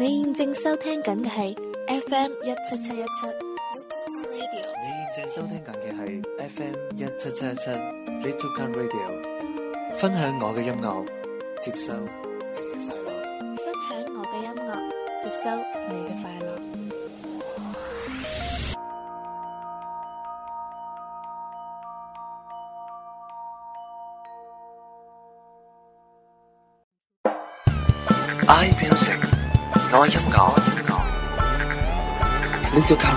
你現正收聽緊嘅係 FM 一七七一七，你現正收聽緊嘅係 FM 一七七一七 Little Radio，分享我嘅音樂，接受。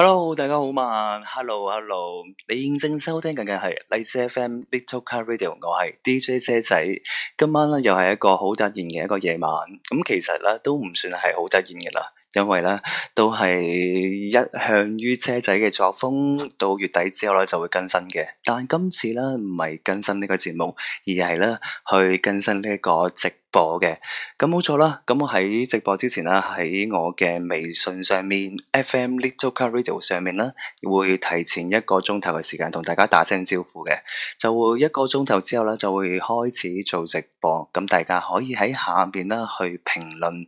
hello，大家好嘛，hello hello，你現正收聽緊嘅係荔枝 FM Big Talk Radio，我係 DJ 車仔，今晚咧又係一個好突然嘅一個夜晚，咁、嗯、其實咧都唔算係好突然嘅啦，因為咧都係一向於車仔嘅作風，到月底之後咧就會更新嘅，但今次咧唔係更新呢個節目，而係咧去更新呢一個直。播嘅咁冇錯啦。咁我喺直播之前啦，喺我嘅微信上面，FM Little Car Radio 上面啦，會提前一個鐘頭嘅時間同大家打聲招呼嘅，就會一個鐘頭之後呢，就會開始做直播。咁大家可以喺下邊啦去評論，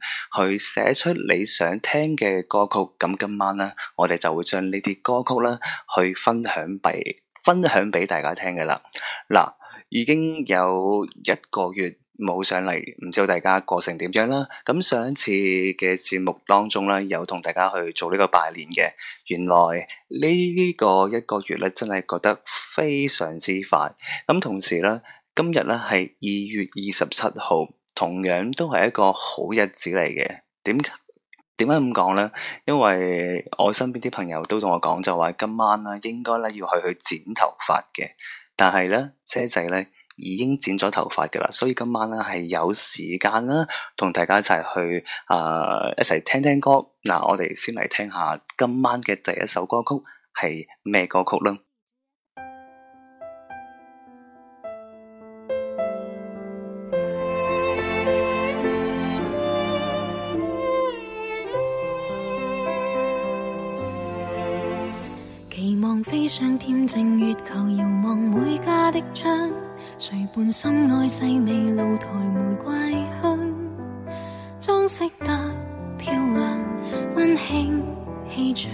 去寫出你想聽嘅歌曲。咁今晚呢，我哋就會將呢啲歌曲啦去分享俾分享俾大家聽嘅啦。嗱，已經有一個月。冇上嚟，唔知道大家過成點樣啦。咁上一次嘅節目當中咧，有同大家去做呢個拜年嘅。原來呢個一個月咧，真係覺得非常之快。咁同時咧，今日咧係二月二十七號，同樣都係一個好日子嚟嘅。點點解咁講咧？因為我身邊啲朋友都同我講，就話今晚咧應該咧要去去剪頭髮嘅。但係咧，車仔咧。已經剪咗頭髮嘅啦，所以今晚咧係有時間啦，同大家一齊去誒、呃、一齊聽聽歌。嗱，我哋先嚟聽下今晚嘅第一首歌曲係咩歌曲啦。期望飛上恬靜月球，遙望每家的窗。 誰伴深愛世味，露台玫瑰香，裝飾得漂亮，温馨氣氣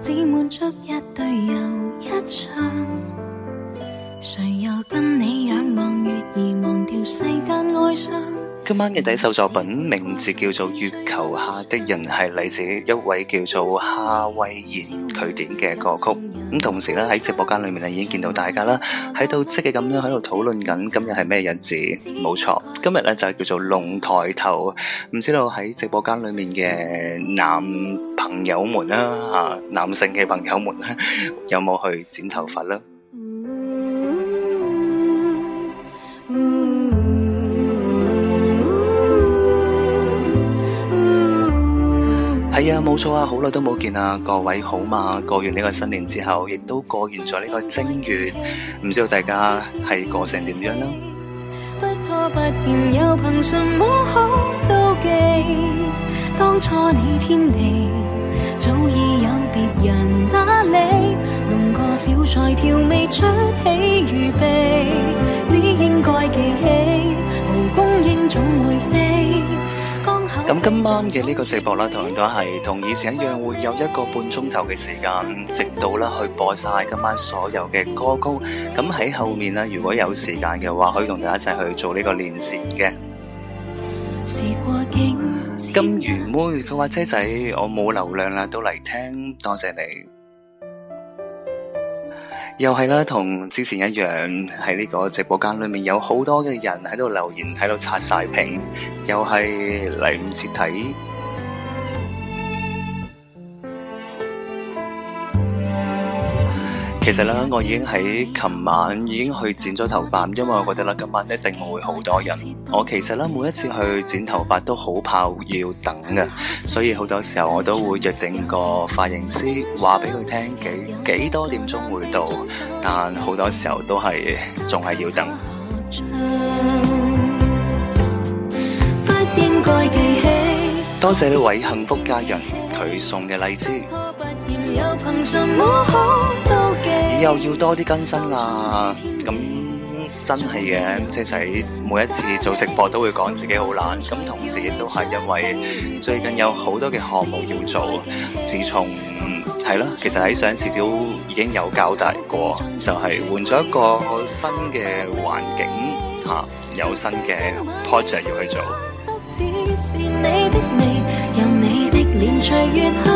只滿足一對又一雙，誰又跟你仰望月兒，忘掉世間哀傷。今晚嘅第一首作品，名字叫做《月球下的人》，係嚟自一位叫做夏威夷佢點嘅歌曲。咁同時呢，喺直播間裏面呢已經見到大家啦，喺度積極咁樣喺度討論緊今日係咩日子？冇錯，今日呢就係叫做龍抬頭。唔知道喺直播間裏面嘅男朋友們啦，嚇、啊、男性嘅朋友們， 有冇去剪頭髮啦？係啊，冇錯，哎、啊，好耐都冇見啊。各位好嘛？過完呢個新年之後，亦都過完咗呢個正月，唔知道大家係過成點樣呢？咁今晚嘅呢個直播咧，同樣都係同以前一樣，會有一個半鐘頭嘅時間，直到咧去播晒今晚所有嘅歌曲。咁喺後面咧，如果有時間嘅話，可以同大家一齊去做呢個練習嘅。金魚妹佢話：車仔，我冇流量啦，都嚟聽，多謝你。又係啦，同之前一樣，喺呢個直播間裏面有好多嘅人喺度留言，喺度刷晒屏，又係嚟唔切睇。其實咧，我已經喺琴晚已經去剪咗頭髮，因為我覺得咧今晚一定會好多人。我其實咧每一次去剪頭髮都好怕要等嘅，所以好多時候我都會約定個髮型師話俾佢聽幾幾多點鐘會到，但好多時候都係仲係要等。多謝呢位幸福家人佢送嘅荔枝。又憑什麼好以後要多啲更新啦，咁、嗯、真係嘅，即係每一次做直播都會講自己好懶，咁同時亦都係因為最近有好多嘅項目要做。自從係、嗯、啦，其實喺上次都已經有交代過，就係、是、換咗一個新嘅環境吓、啊，有新嘅 project 要去做。嗯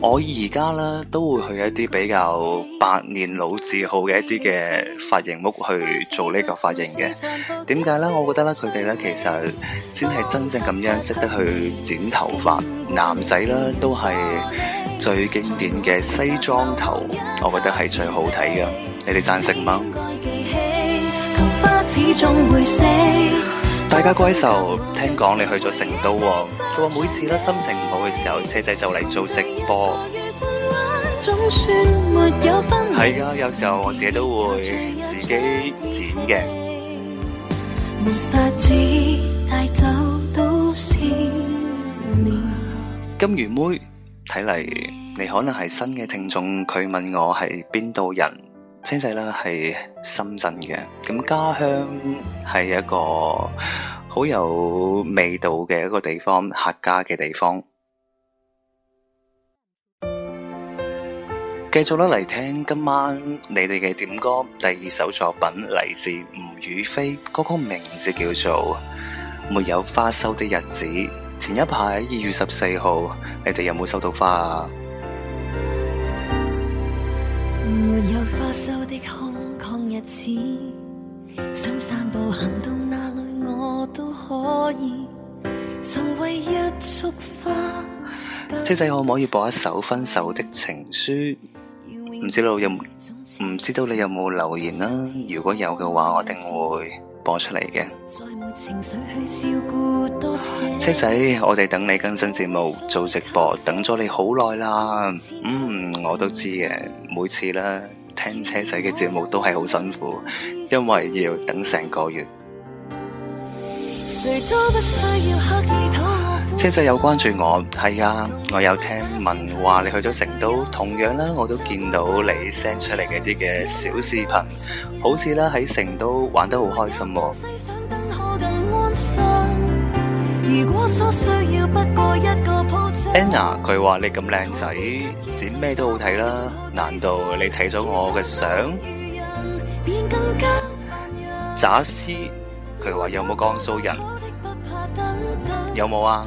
我而家咧，都會去一啲比較百年老字號嘅一啲嘅髮型屋去做呢個髮型嘅，點解咧？我覺得咧佢哋咧，其實先係真正咁樣識得去剪頭髮，男仔咧，都係最經典嘅西裝頭，我覺得係最好睇嘅，你哋贊成嗎？大家閨秀，聽講你去咗成都喎，佢話每次心情唔好嘅時候，車仔就嚟做直播。係啊， 有時候我自己都會自己剪嘅。 金魚妹，睇嚟你可能係新嘅聽眾，佢問我係邊度人。青仔啦，係深圳嘅，咁家鄉係一個好有味道嘅一個地方，客家嘅地方。繼續啦，嚟聽今晚你哋嘅點歌，第二首作品嚟自吳雨霏，歌曲名字叫做《沒有花收的日子》。前一排二月十四號，你哋有冇收到花啊？仔仔可唔可以播一首《分手的情書》？唔知道有唔知道你有冇留言啦、啊？如果有嘅話，我定會。播出嚟嘅，車仔，我哋等你更新節目做直播，等咗你好耐啦。嗯，我都知嘅，每次咧聽車仔嘅節目都係好辛苦，因為要等成個月。 真真有關注我，係啊，我有聽聞話你去咗成都，同樣啦，我都見到你 send 出嚟嘅一啲嘅小視頻，好似啦喺成都玩得好開心。Anna 佢話你咁靚仔，剪咩都好睇啦，難道你睇咗我嘅相？詐屍，佢話有冇江蘇人？有冇啊？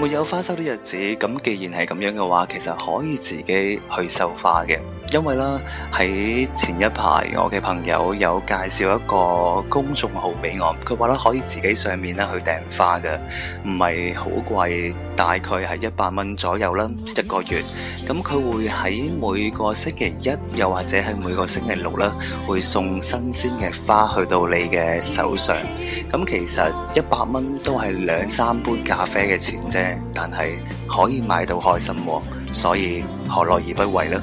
沒有花收的日子，咁既然係咁樣嘅話，其實可以自己去收花嘅。因為咧喺前一排，我嘅朋友有介紹一個公眾號俾我，佢話咧可以自己上面咧去訂花嘅，唔係好貴，大概係一百蚊左右啦，一個月。咁佢會喺每個星期一，又或者係每個星期六咧，會送新鮮嘅花去到你嘅手上。咁其實一百蚊都係兩三杯咖啡嘅錢啫，但係可以買到開心喎，所以何樂而不為呢？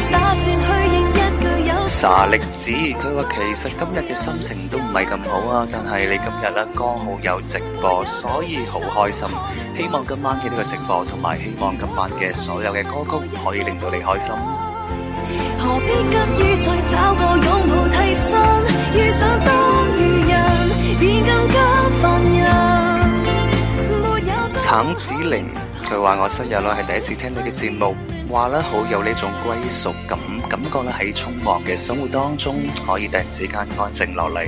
沙力子，佢話其實今日嘅心情都唔係咁好啊，但係你今日呢，剛好有直播，所以好開心。希望今晚嘅呢個直播，同埋希望今晚嘅所有嘅歌曲可以令到你開心。橙子玲。佢話我生日咯，係第一次聽你嘅節目，話咧好有呢種歸屬感，感覺咧喺匆忙嘅生活當中，可以突然之間安靜落嚟。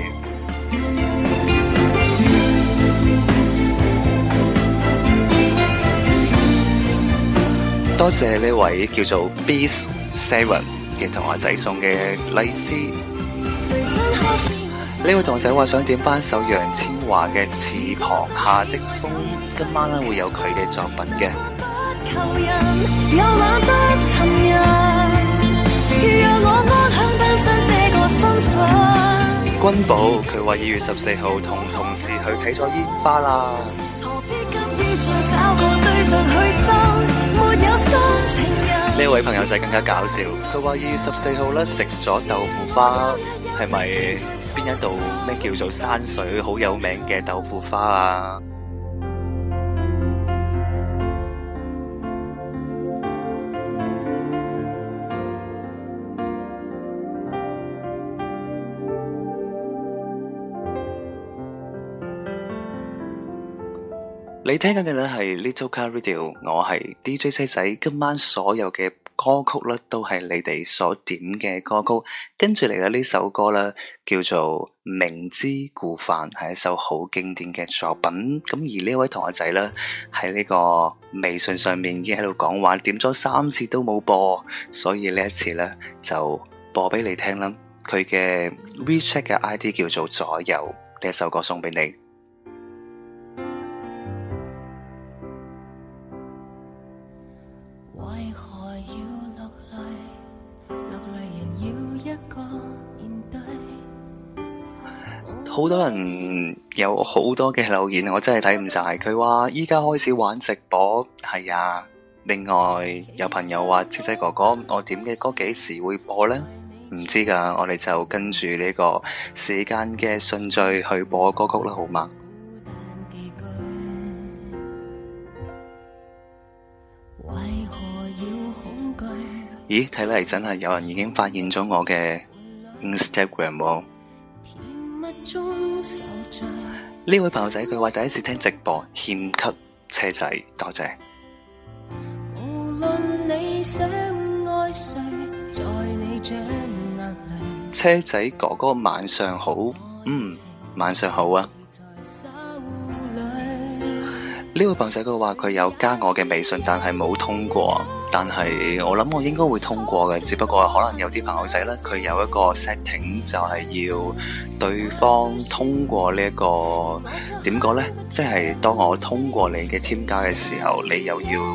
多謝呢位叫做 Beast Seven 嘅同學仔送嘅荔枝。呢位同仔話想點翻首楊千嬅嘅《翅膀下的風》，今晚咧會有佢嘅作品嘅。不不君寶佢話二月十四號同同事去睇咗煙花啦。呢位朋友就更加搞笑，佢話二月十四號咧食咗豆腐花，係咪？邊一度咩叫做山水好有名嘅豆腐花啊？你聽緊嘅咧係 Little Car Radio，我係 DJ 西仔，今晚所有嘅。歌曲咧都係你哋所點嘅歌曲，跟住嚟嘅呢首歌咧叫做明知故犯，係一首好經典嘅作品。咁而呢位同學仔咧喺呢個微信上面已經喺度講話，點咗三次都冇播，所以呢一次咧就播俾你聽啦。佢嘅 WeChat 嘅 ID 叫做左右，呢一首歌送俾你。好多人有好多嘅留言，我真係睇唔晒。佢話依家開始玩直播，係啊。另外有朋友話，七仔哥哥，我點嘅歌幾時會播呢？唔知噶，我哋就跟住呢個時間嘅順序去播歌曲啦，好嗎？咦，睇嚟真係有人已經發現咗我嘅 Instagram 喎。呢位朋友仔佢話第一次聽直播，獻給車仔，多謝。車仔哥哥晚上好，嗯，晚上好啊。呢位朋友仔佢話佢有加我嘅微信，但係冇通過。但係我諗我應該會通過嘅，只不過可能有啲朋友仔咧，佢有一個 setting 就係要對方通過，這個、呢一個點講咧，即、就、係、是、當我通過你嘅添加嘅時候，你又要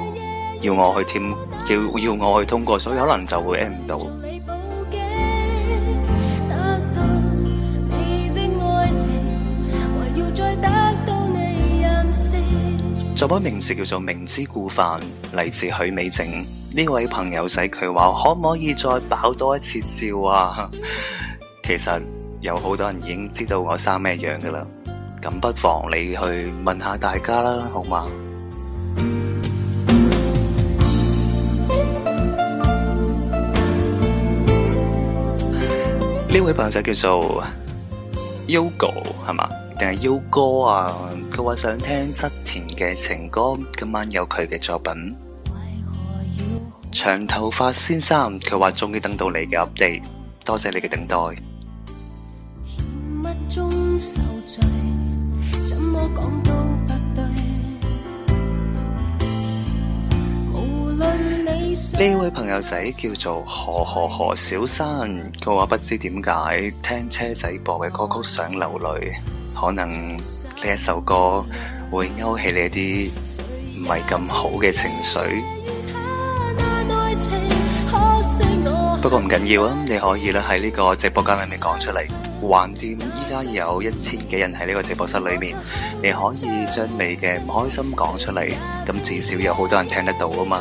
要我去添，要要我去通過，所以可能就會 at 唔到。作品名字叫做《明知故犯》來許，嚟自許美靜。呢位朋友仔佢話可唔可以再爆多一次笑啊？ 其實有好多人已經知道我生咩樣噶啦，咁不妨你去問下大家啦，好嗎？呢 位朋友仔叫做 Yogo，係嘛？定係 U 哥啊！佢話想聽側田嘅情歌，今晚有佢嘅作品。長頭髮先生，佢話終於等到你嘅 update，多謝你嘅等待。甜蜜中受罪。呢位朋友仔叫做何何何小山，佢話不知點解聽車仔播嘅歌曲想流淚，可能呢一首歌會勾起你一啲唔係咁好嘅情緒。 不過唔緊要啊，你可以咧喺呢個直播間裏面講出嚟。橫掂依家有一千幾人喺呢個直播室裏面，你可以將你嘅唔開心講出嚟，咁至少有好多人聽得到啊嘛。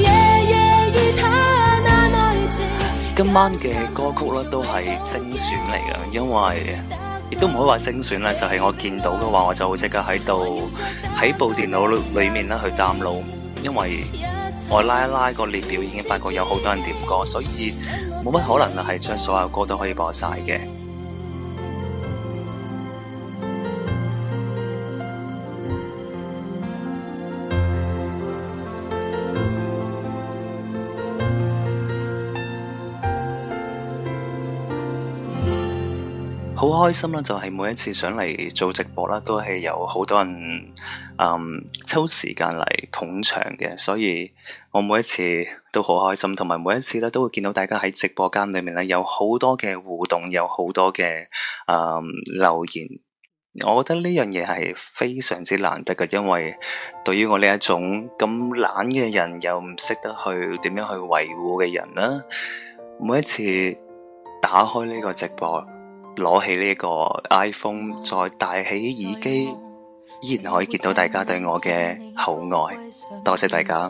今晚嘅歌曲咧都係精選嚟嘅，因為亦都唔可以話精選咧，就係、是、我見到嘅話，我就會即刻喺度喺部電腦裏面咧去 download，因為我拉一拉個列表已經發覺有好多人點歌，所以冇乜可能係將所有歌都可以播晒嘅。開心啦，就係、是、每一次上嚟做直播啦，都係有好多人嗯抽時間嚟捧場嘅，所以我每一次都好開心，同埋每一次咧都會見到大家喺直播間裏面咧有好多嘅互動，有好多嘅誒、嗯、留言，我覺得呢樣嘢係非常之難得嘅，因為對於我呢一種咁懶嘅人，又唔識得去點樣去維護嘅人啦，每一次打開呢個直播。攞起呢個 iPhone，再戴起耳機，依然可以見到大家對我嘅厚愛，多謝大家。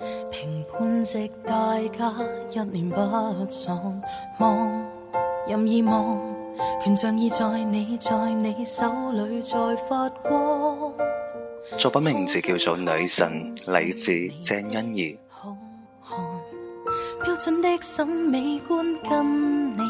評判席大家一念不忘，任意望，權杖已在你，在你手裏再發光。作品名字叫做《女神》，嚟自鄭欣宜。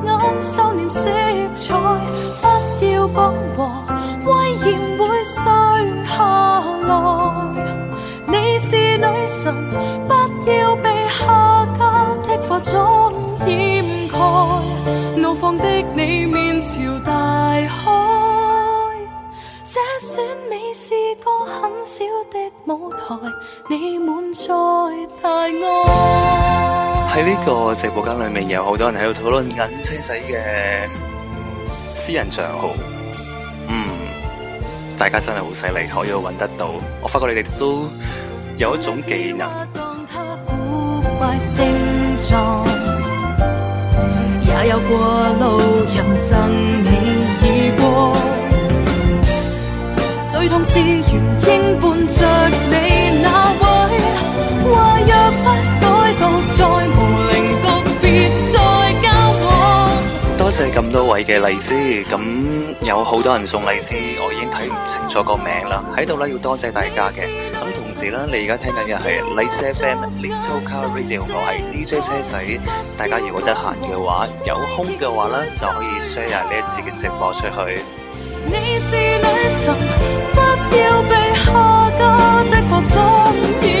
收斂色彩，不要講和，威嚴會碎下來。你是女神，不要被下嫁的化妝掩蓋。怒放的你面朝大海，這選美是個很小的舞台，你滿載大愛。喺呢個直播間裏面，有好多人喺度討論銀車仔嘅私人賬號。嗯，大家真係好犀利，可以搵得到。我發覺你哋都有一種技能。也有過路人贈你耳光，最痛是元嬰半醉。咁多位嘅荔枝，咁有好多人送荔枝，我已經睇唔清楚個名啦。喺度咧要多謝大家嘅。咁同時咧，你而家聽緊嘅係荔枝 FM Little Car Radio，我係 DJ 車仔。大家如果得閒嘅話，有空嘅話咧就可以 share 呢一次嘅直播出去。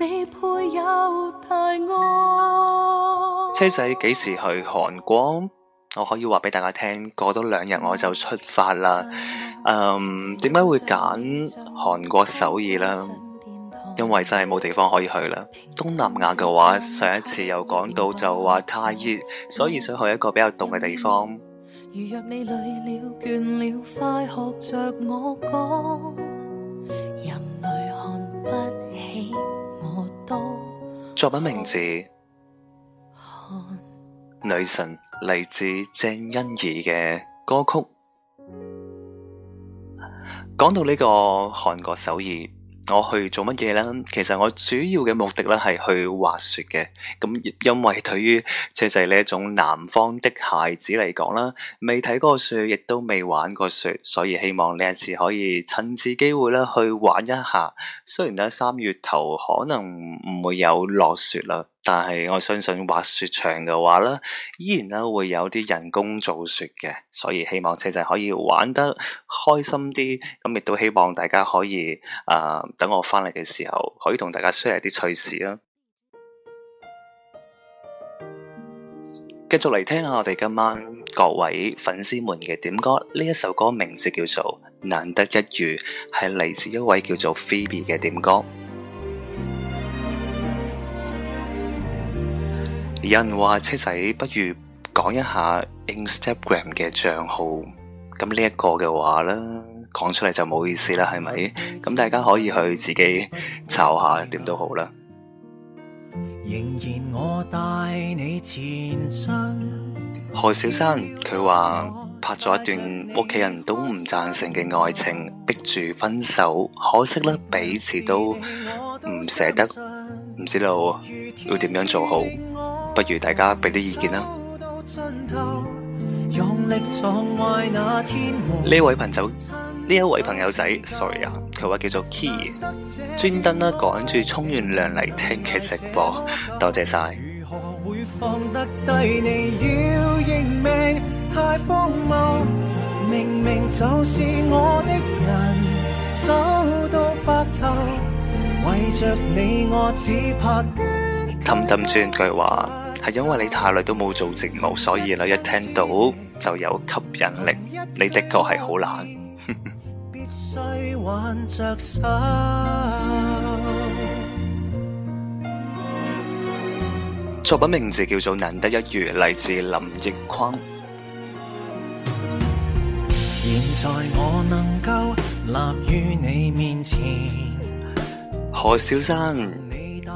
你配有車仔幾時去韓國？我可以話俾大家聽，過多兩日我就出發啦。嗯，點解會揀韓國首爾呢？因為真係冇地方可以去啦。東南亞嘅話，上一次又講到就話太熱，所以想去一個比較凍嘅地方。如若你累了倦了，快學着我講。人類看不。作品名字《oh. Oh. 女神》，嚟自鄭欣宜嘅歌曲。講到呢個韓國首爾。我去做乜嘢咧？其實我主要嘅目的咧係去滑雪嘅。咁因為對於即係呢一種南方的孩子嚟講啦，未睇過雪，亦都未玩過雪，所以希望呢一次可以趁此機會咧去玩一下。雖然喺三月頭可能唔會有落雪啦。但係我相信滑雪場嘅話啦，依然咧會有啲人工造雪嘅，所以希望車仔可以玩得開心啲，咁亦都希望大家可以啊、呃，等我翻嚟嘅時候可以同大家 share 啲趣事啦。 繼續嚟聽下我哋今晚各位粉絲們嘅點歌，呢一首歌名字叫做《難得一遇》，係嚟自一位叫做 Phoebe 嘅點歌。有人話車仔，不如講一下 Instagram 嘅賬號。咁呢一個嘅話咧，講出嚟就冇意思啦，係咪？咁大家可以去自己查下，點都好啦。仍然我帶你前山。何小山佢話拍咗一段屋企人都唔贊成嘅愛情，逼住分手，可惜咧彼此都唔捨得，唔知道要點樣做好。不如大家俾啲意見啦。呢位朋友，呢一位朋友仔，sorry 啊，佢話叫做 Key，專登啦趕住沖完涼嚟聽劇直播，多謝晒。如何會放得低？你要認命太荒謬，氹氹轉佢話。係因為你太耐都冇做節目，所以你一聽到就有吸引力。你的確係好懶。 作品名字叫做《難得一遇》，嚟自林奕匡。現在我能夠立於你面前， 何小生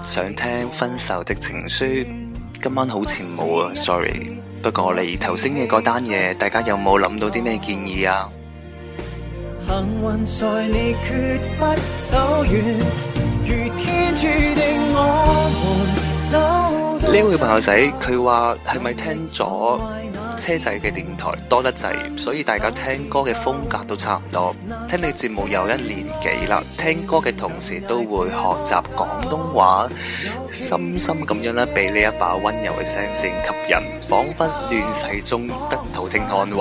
想聽分手的情書。今晚好似冇啊，sorry。不過你頭先嘅嗰單嘢，大家有冇諗到啲咩建議啊？呢位朋友仔，佢話係咪聽咗？車仔嘅電台多得滯，所以大家聽歌嘅風格都差唔多。聽你節目有一年幾啦，聽歌嘅同時都會學習廣東話，深深咁樣啦，俾呢一把温柔嘅聲線吸引，仿佛亂世中得到聽安穩。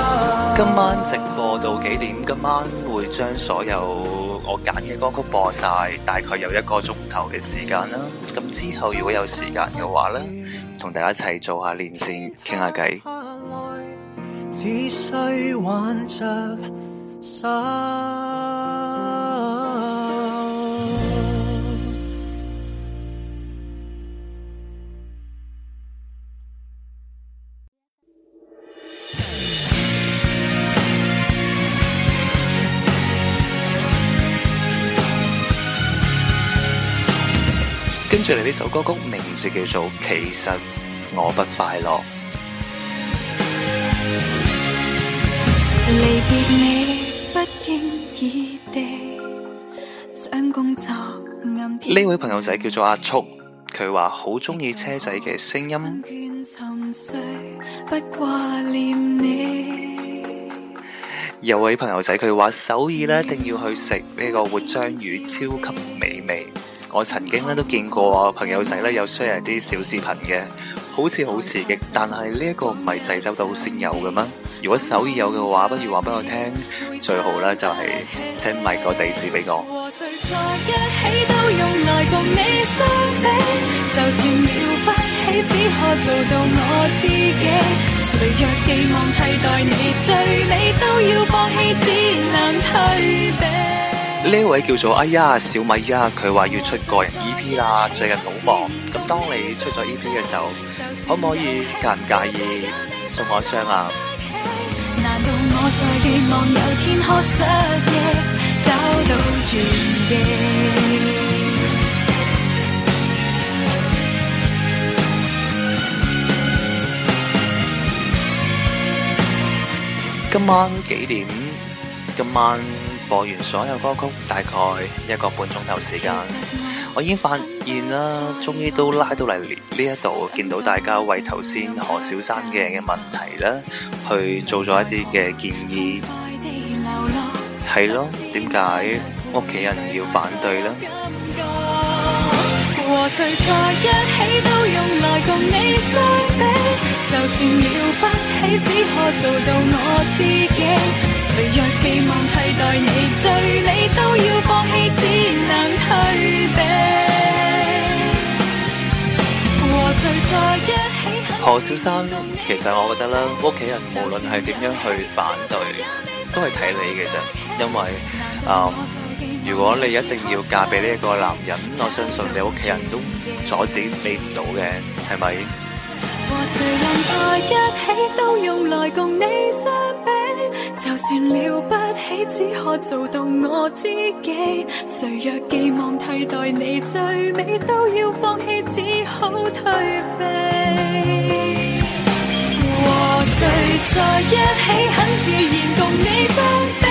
今晚直播到幾點？今晚會將所有我揀嘅歌曲播晒，大概有一個鐘頭嘅時間啦。咁之後如果有時間嘅話咧，同大家一齊做下連線，傾下偈。 跟住嚟呢首歌曲名字叫做《其實我不快樂》。離別你不經意地，呢 位朋友仔叫做阿速，佢話好鍾意車仔嘅聲音。音樂有位朋友仔，佢話首爾一定要去食呢個活章魚，超級美味。我曾經咧都見過朋友仔咧有 share 啲小視頻嘅，好似好刺激，但係呢一個唔係濟州島先有嘅咩？如果首爾有嘅話，不如話俾我聽，最好啦就係 send 埋個地址俾我。呢位叫做哎呀小米呀，佢話要出個人 EP 啦，最近好忙。咁當你出咗 EP 嘅時候，可唔可以介唔介意送我一張啊？今晚幾點？今晚。播完所有歌曲，大概一個半鐘頭時間，我已經發現啦，終於都拉到嚟呢一度，見到大家為頭先何小生嘅問題啦，去做咗一啲嘅建議。係咯，點解屋企人要反對咧？和誰在一起都用來同你相比，就算了不起，只可做到我自己。誰若寄望替代你最美，都要放棄，只能退避。和誰在一起？何小三，其實我覺得啦，屋企人無論係點樣去反對，都係睇你嘅啫，因為啊。嗯如果你一定要嫁俾呢一個男人，我相信你屋企人都阻止你唔到嘅，係咪？和誰能在一起，都用來共你相比，就算了不起，只可做到我自己。誰若寄望替代你，最尾都要放棄，只好退避。和誰在一起，很自然共你相比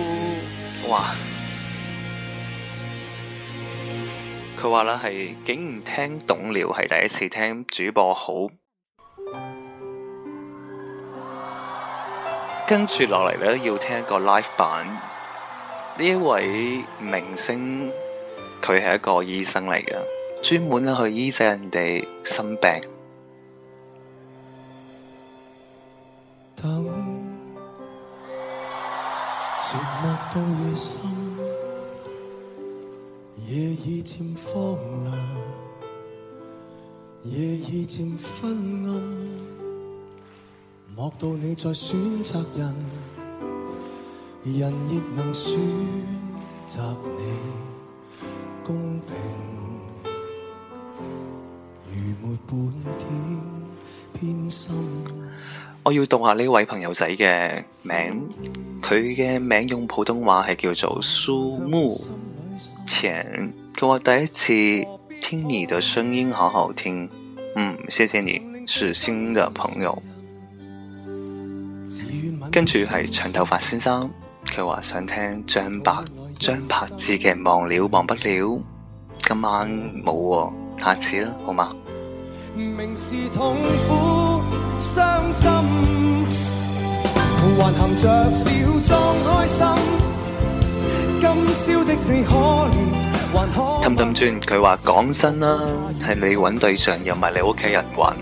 哇！佢話啦，係竟然聽懂了，係第一次聽主播好。 跟住落嚟咧，要聽一個 live 版。呢一位明星，佢係一個醫生嚟嘅，專門去醫治人哋心病。寂寞到夜深，夜已漸荒涼，夜已漸昏暗。莫道你在選擇人，人亦能選擇你，公平如沒半點偏心。我要讀下呢位朋友仔嘅名，佢嘅名用普通話係叫做蘇沐橙。佢話第一次聽你的聲音好好聽，嗯，謝謝你是新的朋友。跟住係長頭髮先生，佢話想聽張柏張柏芝嘅忘了忘不了，今晚冇喎，下次啦，好嘛？心心，着今宵的你氹氹轉，佢話講真啦、啊，係你揾對象又唔係你屋企人揾，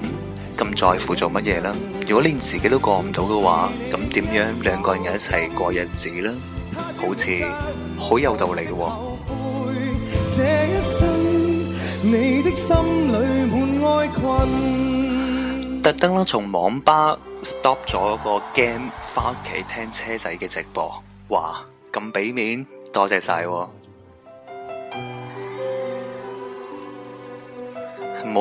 咁在乎做乜嘢啦？如果你連自己都過唔到嘅話，咁點樣兩個人一齊過日子咧？好似好有道理嘅喎。特登啦，從網吧 stop 咗個 game，返屋企聽車仔嘅直播，哇！咁俾面，多謝晒。唔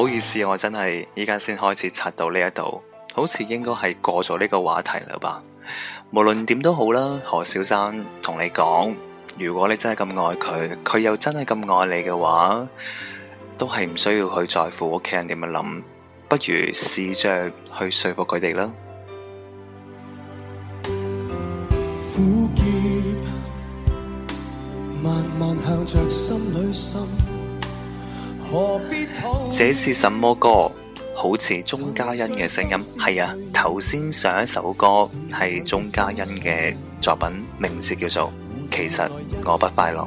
好意思，我真係依家先開始刷到呢一度，好似應該係過咗呢個話題啦吧。無論點都好啦，何小生同你講，如果你真係咁愛佢，佢又真係咁愛你嘅話，都係唔需要去在乎屋企人點樣諗。不如試着去說服佢哋啦。這是什麼歌？好似鍾嘉欣嘅聲音。係啊，頭先上一首歌係鍾嘉欣嘅作品，名字叫做《其實我不快樂》。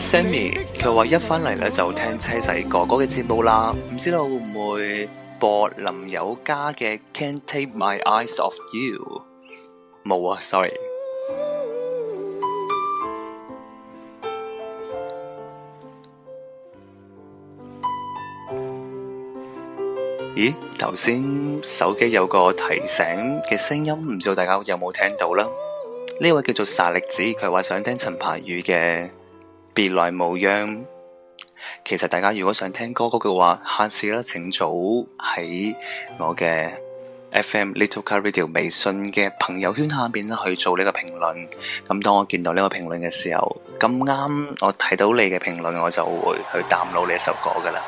Sammy 佢話一返嚟咧就聽車仔哥哥嘅節目啦，唔知道會唔會播林宥嘉嘅 Can't Take My Eyes Off You？冇啊，sorry。咦，頭先手機有個提醒嘅聲音，唔知道大家有冇聽到啦？呢位叫做沙力子，佢話想聽陳柏宇嘅。別來無恙。其實大家如果想聽歌曲嘅話，下次咧請早喺我嘅 FM Little Car Radio 微信嘅朋友圈下面去做呢個評論。咁當我見到呢個評論嘅時候，咁啱我睇到你嘅評論，我就會去彈到呢一首歌噶啦。